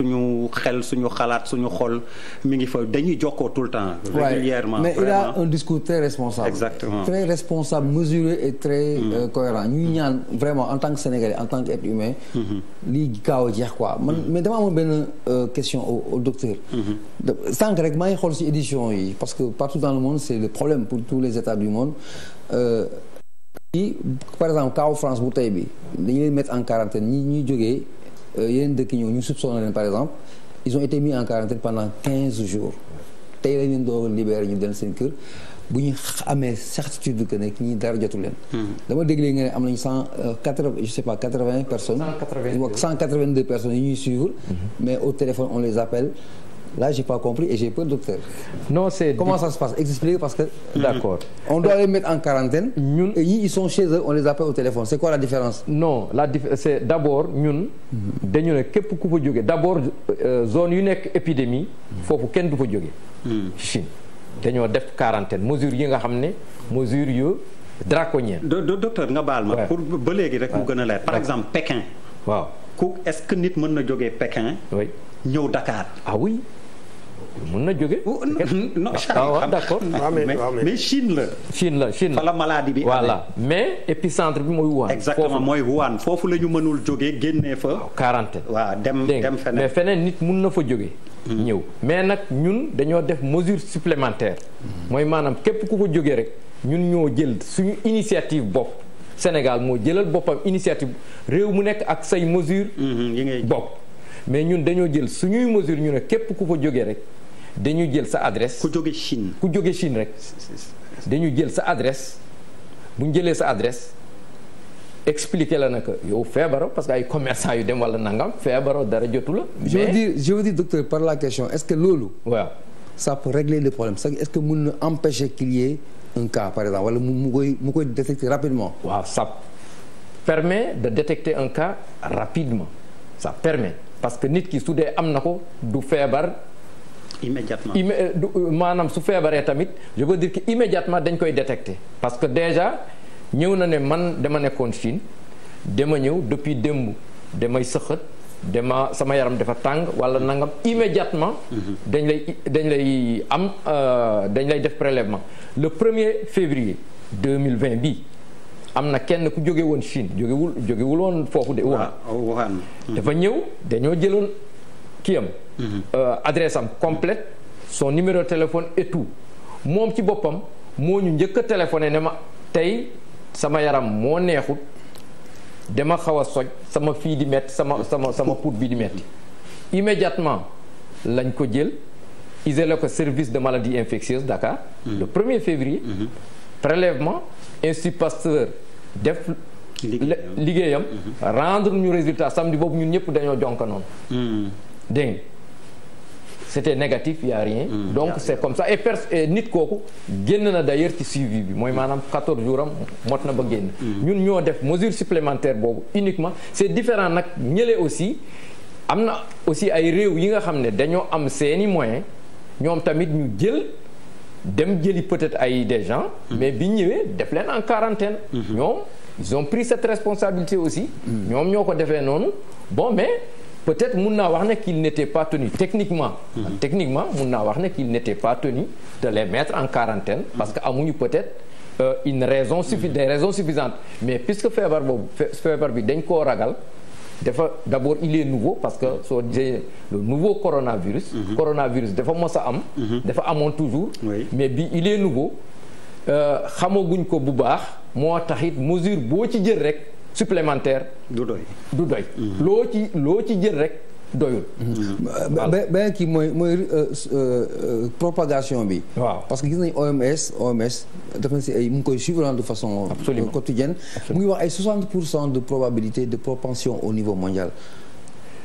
suñu xel suñu xalaat suñu xol mi ngi fa dañuy jokkoo tout le temps. régulièrement mais il a un discours très responsable. mesuré et très mm-hmm. euh, cohérent ñuy ñaan vraiment en tant que sénégalais en tant qu'être humain. Mm-hmm. lii gaaw a jeex quoi man mm-hmm. mais dama amoon benn euh, question au docteur. sànq rek maa ngi xol si édition yi parce que partout dans le monde c'est le problème pour tous les états du monde. Euh, par exemple kaw France bu bi dañuy mettre en quarantaine ñi ñuy Euh, yeneen dëkk ñëw ñu soupçonné leen par exemple ils ont été mis en quarantaine pendant jours tey la ñu doog ñu dem seen bu ñu amee certitude que ne ñi dara jotu leen. Hmm. dama dégg léegi nga ne am nañu euh, je sais pas personnes. cent quatre vingt personnes yi ñuy suivre. Hmm. mais au téléphone on les appelle. laa j'ai pas compris et j'ai peur, docteur. Non, c'est Comment ça se passe? Expliquez parce que mm-hmm. d'accord. On doit les mettre en quarantaine. ñun et ñi ils sont chez eux, on les appelle au téléphone. C'est quoi la différence? Non, la dif c'est d'abord ñun mm-hmm. dañu ne képp ku fa jóge d'abord euh, zone yu nekk épidémie mm-hmm. foofu kenn du fa jóge. Chine dañoo def quarantaine mesure yi nga xam ne mesure yu draconienne. docteur nga baal ma. pour ba léegi rek mu gën a leer. par exemple Pékin. waaw ku est-ce que nit mën na jógee Pékin. ñëw Dakar. ah mun na jóge. Oh, non ah, ah, d' accord ah, mais Chine la. Chine la Chine la fa la maladie bi. voilà mais épicentre bi mooy Wuhan. exactement mooy Wuhan foofu la ñu mënul jóge génnee fa. quarantaine waaw dem dem feneen mais feneen nit mun na fa jóge. Hmm. ñëw mais nag ñun dañoo def mesure supplémentaire. Hmm. mooy maanaam képp ku ko jóge rek ñun ñoo jël suñu initiative bopp. Sénégal moo jëlal boppam initiative réew mu nekk ak say mesure hmm, bopp mais ñun dañoo jël suñuy mesure ñu ne képp ku fa jógee rek dañu jël sa adresse. ku jóge Chine ku jóge Chine rek. dañu jël sa adresse bu ñu jëlee sa adresse expliquer la na nag yow feebaro parce que ay commerçant yu dem wala nangam feebaro dara jotu la. mais je veux docteur par la question est-ce que loolu. waaw ça peut régler le problème est-ce que mën na empêcher qu'il y ait un cas par exemple wala mu koy mu koy détecter rapidement. waaw ça permet de détecter un cas rapidement sa permet. parce que nit ki su dee am na ko du feebar. immédiatement euh, euh, maanaam su feebaree tamit je veux dire que immédiatement dañ koy détecter parce que déjà ñëw na ne man dama nekkoon Chine dama ñëw depuis démb damay sëqat dama sama yaram dafa tàng wala nangam immédiatement. Mhm. dañ lay dañ lay am euh, dañ lay def prélèvement le premier février 2020 bi am na kenn ku jóge woon Chine jógewul jógewul woon foofu de Wuhan mm-hmm. dafa ñëw dañoo jëloon kii am mm-hmm. euh, adresse am complète son numéro téléphone et moom ci boppam moo ñu njëkk a téléphoné ne ma tey sama yaram moo neexut dama xaw a soj sama fii di metti sama sama sama put bi di metti immédiatement lañ ko jël isolé ko service de maladie infectieuse Dakar mm-hmm. le 1 février prélèvement Institut Pasteur def liggéeyam mhm. rendre ñu résultat samedi boobu ñun ñëpp dañoo jonkanoon hmm. dégg c'était négatif y a rien hmm. donc yeah, c'est yeah. comme ça pers nit kooku génn na d'ailleurs ci suivi bi mooy maanaam 14 jours am mot na ba génn hmm. ñun ñoo def mesure supplémentaire boobu uniquement c'est différent nag ñële aussi am na aussi ay réew yi nga xam ne dañoo am seeni moyen ñoom tamit ñu jël dem jëli peut-être ay des gens. Mhm. mais bi ñëwee def leen en quarantaine. Mhm. ñoom ils ont pris cette responsabilité aussi. Mhm. ñoom ñoo ko defee noonu bon mais. peut-être mun naa wax ne qu'il n'était pas tenu techniquement mun naa wax ne qu'il n'était pas tenu de les mettre en quarantaine parce que amuñu peut-être euh, une raison suffi mm -hmm. des raisons suffisantes mais puisque feebar boobu feebar bi dañ koo ragal dafa d'abord il est nouveau parce que soo jëlee le nouveau coronavirus. Mhm. coronavirus dafa mos a am. Mhm. dafa amoon toujours. mais bi il est nouveau euh, xamaguñ ko bu baax moo taxit mesure boo ci jël rek supplémentaire. du doy du doy. Mhm. loo ci loo ci jël rek. doyul. Mm-hmm. beneen kii mooy mooy euh, euh, euh, propagation bi. waaw parce que gis nañ OMS OMS def na si ay mu ngi koy suivre de façon. quotidienne mu ngi wax ay 60 pour cent de probabilité de propension au niveau mondial.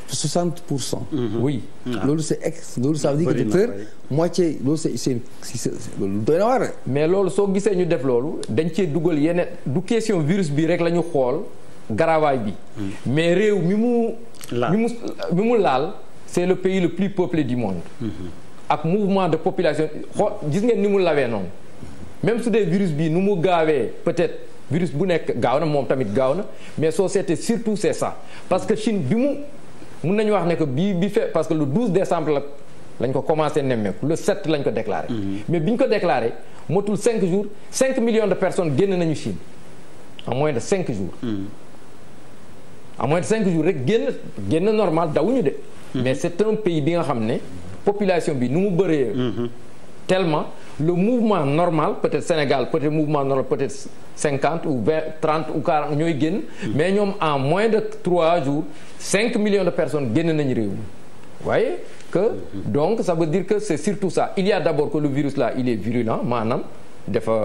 60 pour cent. Mm-hmm. oui. Ah. loolu c'est ex loolu ça veut dire que docteur moitié loolu c'est si loolu doy na waar mais loolu soo gisee ñu def loolu dañ cee dugal yeneen du question virus bi rek lañu xool garaawaay bi. Mm. mais réew mi mu. bi mu bi mu laal c'est le pays le plus peuplé du monde mm-hmm. ak mouvement de population xoo gis ngeen ni mu lawee noonu même su dee virus bii nu mu gaawee peut-être virus bu nekk gaaw na moom tamit gaaw na mais soo seetee surtout c'est ça parce que Chine bi mu mun nañu wax ne que bii bi fait parce que le 12 décembre la lañ ko commencé nemmeeku le 7 lañ ko déclaré. Mm-hmm. mais bi ñu ko déclaré motul 5 jours cinq millions de personnes génn nañu Chine en moins de 5 jours. Mm-hmm. à moins de cinq jours rek génn génn normal dawuñu de. Mhm. mais c'est un pays bi nga xam ne population bi nu mu bëree. Mhm. tellement le mouvement normal peut-être Sénégal peut-être mouvement normal peut-être cinquante ou vingt trente ou quarante ñooy génn. Mhm. mais ñoom en moins de trois jours cinq millions de personnes génn nañu réew mi voyez que donc ça veut dire que c'est surtout ça il y a d'abord que le virus là il est virulent maanaam dafa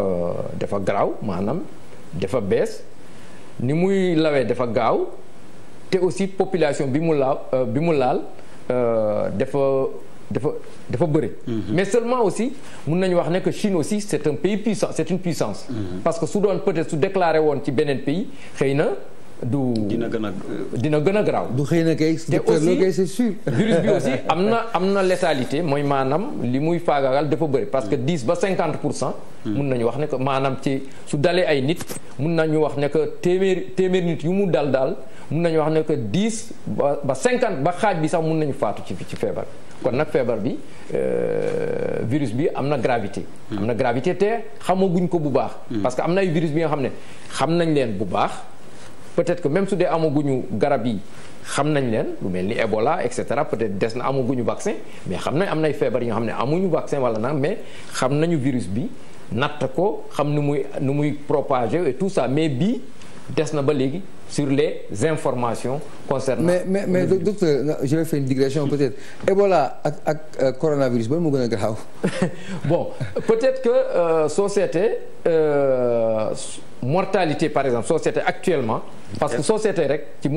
dafa garaaw maanaam dafa bees ni muy lawee dafa gaaw. te aussi population bi mu laal euh, bi mu laal euh, dafa dafa dafa bëri. Mhm. mais seulement aussi mun nañu wax ne que Chine aussi c' est un pays puissant c' est une puissance. Mhm. parce que su doon peut-être su déclaré woon ci beneen pays xëy na. du dina gën a euh, dina gën a garaaw. du xëy na kay te c'est sûr. virus bi aussi am na am na létalité mooy maanaam li muy faagaagal dafa bëri parce que 10 mm. ba 50 pour cent. Mm. mun nañu wax ne que maanaam ci su dalee ay nit mun nañu wax ne que téeméer téeméer nit yu mu dal daal mun nañu wax ne que dix ba cinquante ba xaaj bi sax mun nañu faatu ci ci feebar kon nag feebar bi euh, virus bi am na gravité. am na gravité te xamaguñ ko bu baax. Hmm. parce que am na ay virus bi nga xam ne xam nañ leen bu baax peut-être que même su dee amaguñu garab yi. xam nañ leen lu mel ni Ebola et cetera peut-être des na amaguñu vaccin mais xam nañ am nay feebar yi xam ne amuñu vaccin wala nag mais xam nañu virus bi natt ko xam nu muy nu muy propager et tout ça mais bii des na ba léegi sur les informations concernant. mais mais mais docteur je vais faire une digression peut-être Ebola ak ak euh, coronavirus ba mu gën a garaaw. bon peut-être que euh, société euh, mortalité par exemple société actuellement. parce que société rek ci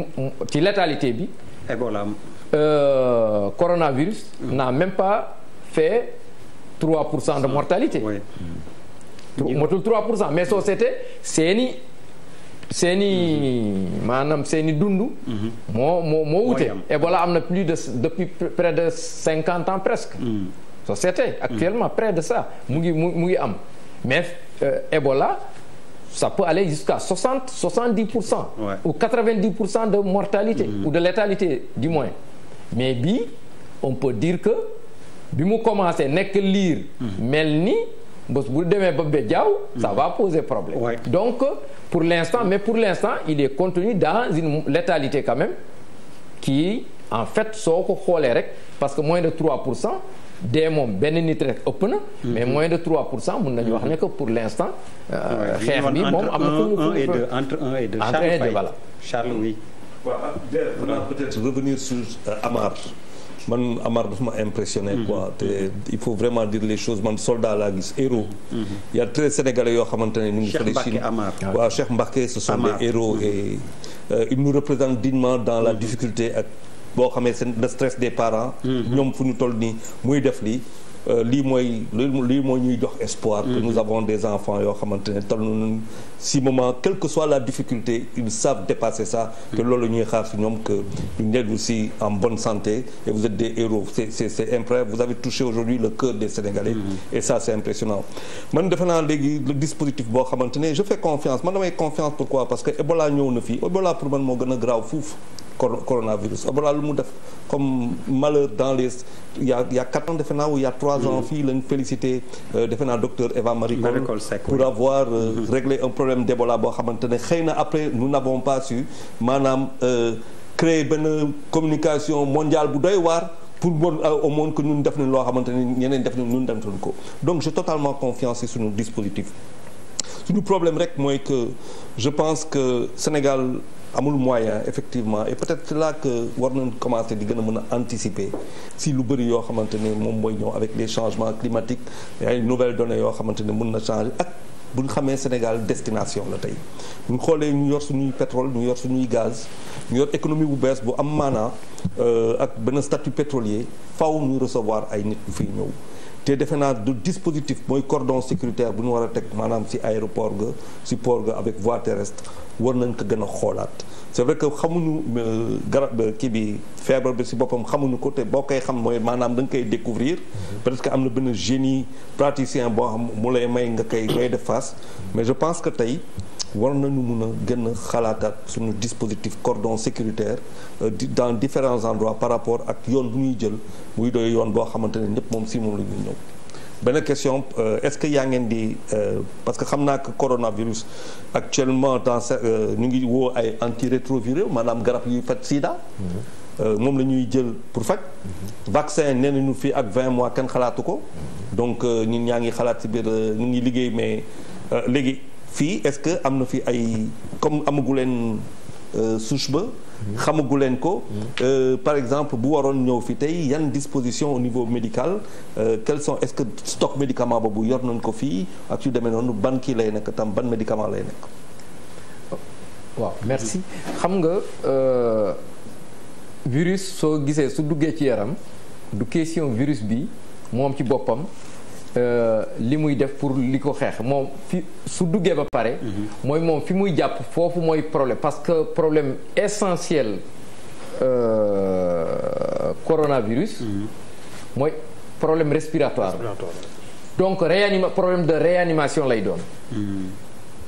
ci létalité bi. Ebola. Euh, coronavirus. Mm. n'a même pas fait 3 pour cent de mortalité. mais société seeni seen i maanaam seen i dund. Mhm. moo moo moo wute. Ebola am na plus de depuis près de cinquante ans presque. so mhm. c'était mhm. actuellement près de ça mu ngi mu am mais euh, Ebola. ça peut aller jusqu'à 60 70 pour cent. Ouais. ou cent de mortalité. Mm ou de létalité du moins. mais bii on peut dire que bi mu commencé nekk liir. mel ni bés bu demee ba Bejaaw. ça mm. va poser problème. Ouais. donc pour l'instant mais pour l'instant il est contenu dans une létalité quand même qui en fait soo ko xoolee rek parce que moins de trois pour cent dee moom benn nit rek ëpp na. mais mm-hmm. moins de 3 pour cent mun nañu wax ne mm-hmm. que pour l'instant. Euh, xeex bi moom am na. un et entre un et deux. Charles, Charles oui. waaw peut-être revenir sur euh, Amar. man Amar dafa ma impressionné mhm. quoi te il faut vraiment dire les choses man soldat laa gis héros mhm. y a très sénégalais yoo xamante ne ñu ngi fële Chine waaw Cheikh Mbacké ce sont des héros mhm. et euh, ils nous représente dignement dans la difficulté ak boo xamee seen le stress des parents ñoom fu ñu toll nii muy def lii Euh, lii mooy lii mooy ñuy jox espoir. que mm-hmm. nous avons des enfants yoo xamante ne toll nañu si moment quelle que soit la difficulté ils savent dépasser ça. que mm-hmm. loolu ñuy xaar si ñoom que si nekk aussi en bonne santé et vous êtes des héros c'est impressionnant le cœur des Sénégalais. Mm-hmm. et ça c'est impressionnant man defe naa le dispositif boo xamante ne je fais confiance man damay confiance pourquoi parce que Ebola ñëw na fi Ebola pour man moo gën a graaw fuuf. coronavirus Ebola ah, lu mu def comme malheur dans les il y a il y a quatre ans defe naa ou y a trois ans mm-hmm. fii lañ félicité euh, defe naa docteur Eva Marie Coll pour avoir euh, mm-hmm. réglé un problème d'Ebola boo xamante ne xëy na après nous n'avons pas su maanaam euh, créer benn communication mondiale bu doy waar pour moom au monde que ñun def nañ loo xamante ne ñeneen def nañ ñun def nañ ko donc j'ai totalement confiance ci suñu dispositif suñu problème rek mooy que je pense que Sénégal amul moyen effectivement et peut-être c'est là que war nañ commencer di gën a mën a anticiper si lu bëri yoo xamante ne moom mooy ñëw avec les changements climatiques ay nouvelle données yoo xamante ne mën na changer ak bu ñu xamee Sénégal destination la tey bu ñu xoolee ñu yor suñuy pétrole ñu yor suñuy gaz ñu yor économie bu bees bu am maanaa euh, ak benn statut pétrolier faw ñu recevoir ay nit ñu fiy ñëw te defe naa du dispositif mooy cordon sécuritaire bu ñu war a teg maanaam si aéroport ga si port ga avec voie terrestre war nañ ko gën a xoolaat c'est vrai que xamuñu euh, garab euh, kii bi feebar bi si boppam xamuñu ko te boo koy xam mooy maanaam da nga koy découvrir peut que am na benn génie praticien boo xam mu lay may nga koy ngay def face mais je pense que tey war nañu mun a gën a xalaataat suñu dispositif cordon sécuritaire euh, dans différents endroits par rapport ak yoon bu ñuy jël muy doy yoon boo xamante ne ñëpp moom si moom la benn question euh, est-ce que yaa ngeen di euh, parce que xam naa que coronavirus actuellement dans sa euh, ñu ngi woo ay antirétroviraux maanaam garab yuy faj sida. Mm-hmm. moom la ñuy jël pour faj. Mm-hmm. vaccin nee nañu fii ak vingt mois kenn xalaatu ko. Mm-hmm. donc ñun ñaa ngi xalaat si biir ñu ngi liggéey mais léegi fii est-ce que am na fi ay comme amagu leen souche ba. xamagu leen ko euh, par exemple bu waroon ñëw fi tey yan disposition au niveau médical euh, quels sont est-ce que stock médicament boobu yor nañ ko fii ak yu demee noonu ban kii lay nekk tam ban médicament lay nekk waaw merci xam nga euh, virus soo gisee su duggee ci yaram du question virus bi moom ci boppam Euh, li muy def pour li ko xeex moom fi su duggee ba pare. Mhm. mooy moom fi muy jàpp foofu mooy problème parce que problème essentiel euh, coronavirus. Mhm. mooy problème respiratoire. donc réanima problème de réanimation lay doon. Mhm.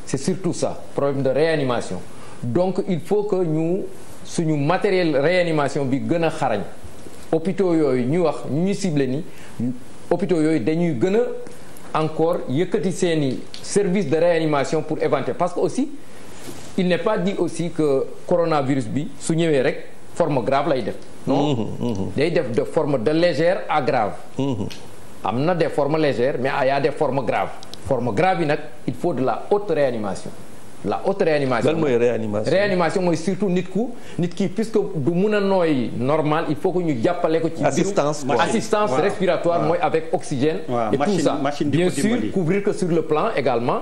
c'est surtout ça problème de réanimation donc il faut que ñu suñu matériel réanimation bi gën a xarañ hôpitaux yooyu ñuy wax ñu ciblé ni. hôpitaux yooyu dañuy gën a encore yëkkati seeni service de réanimation pour éventer parce que aussi il ne pas dit aussi que coronavirus bi su ñëwee rek forme grave lay def non mmh, mmh, mmh. day def de forme de légère à grave am na des formes légères mais il y a des formes graves forme grave yi nag il faut de la haute réanimation la haute réanimation. lan mooy réanimation réanimation mooy surtout nit ku nit ki puisque du mun a nooy normal il faut que ñu jàppale ko. ci assistance assistance respiratoire mooy avec oxygène. et tout ça bien sûr couvrir que sur le plan également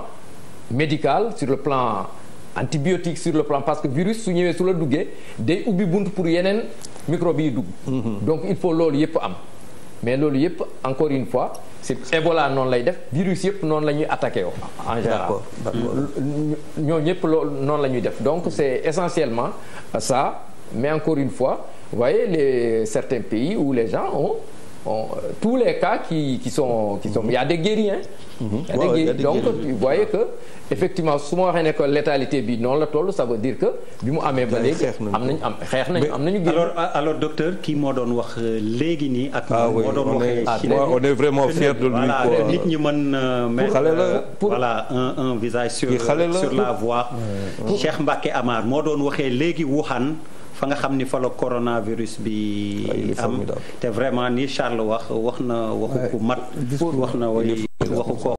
médical sur le plan. antibiotique sur le plan parce que virus su ñëwee su la duggee day ubbi bunt pour yeneen microbe yi dugg. Mm-hmm. donc il faut loolu yëpp am. mais loolu yëpp encore une fois c'est Ebola noonu lay def virus yëpp noonu la ñuy attaqué woo en général ñoo ñëpp loolu noonu la ñuy def donc c'est essentiellement ça mais encore une fois vous voyez les certains pays où les gens ont bon, euh, tous les cas qui, qui sont, qui sont, il y a des guerriers, hein? Mhm. il y donc vous voyez que effectivement su ma waxee ne létalité bi noonu la toll ça veut dire que bi mu amee ba léegi am nañu am xeex nañu am nañu alors alors docteur kii moo doon wax euh, léegi nii ak ah moo doon waxee on est vraiment fier de lui quoi nit ñi mën euh, mettre voilà un un visage sur sur la Cheikh Mbacké Amar moo doon waxee léegi Wuhan fa xam ni fa la coronavirus bi am te vraiment ni Charles wa wax na waxu ku mat wax na way waxu ko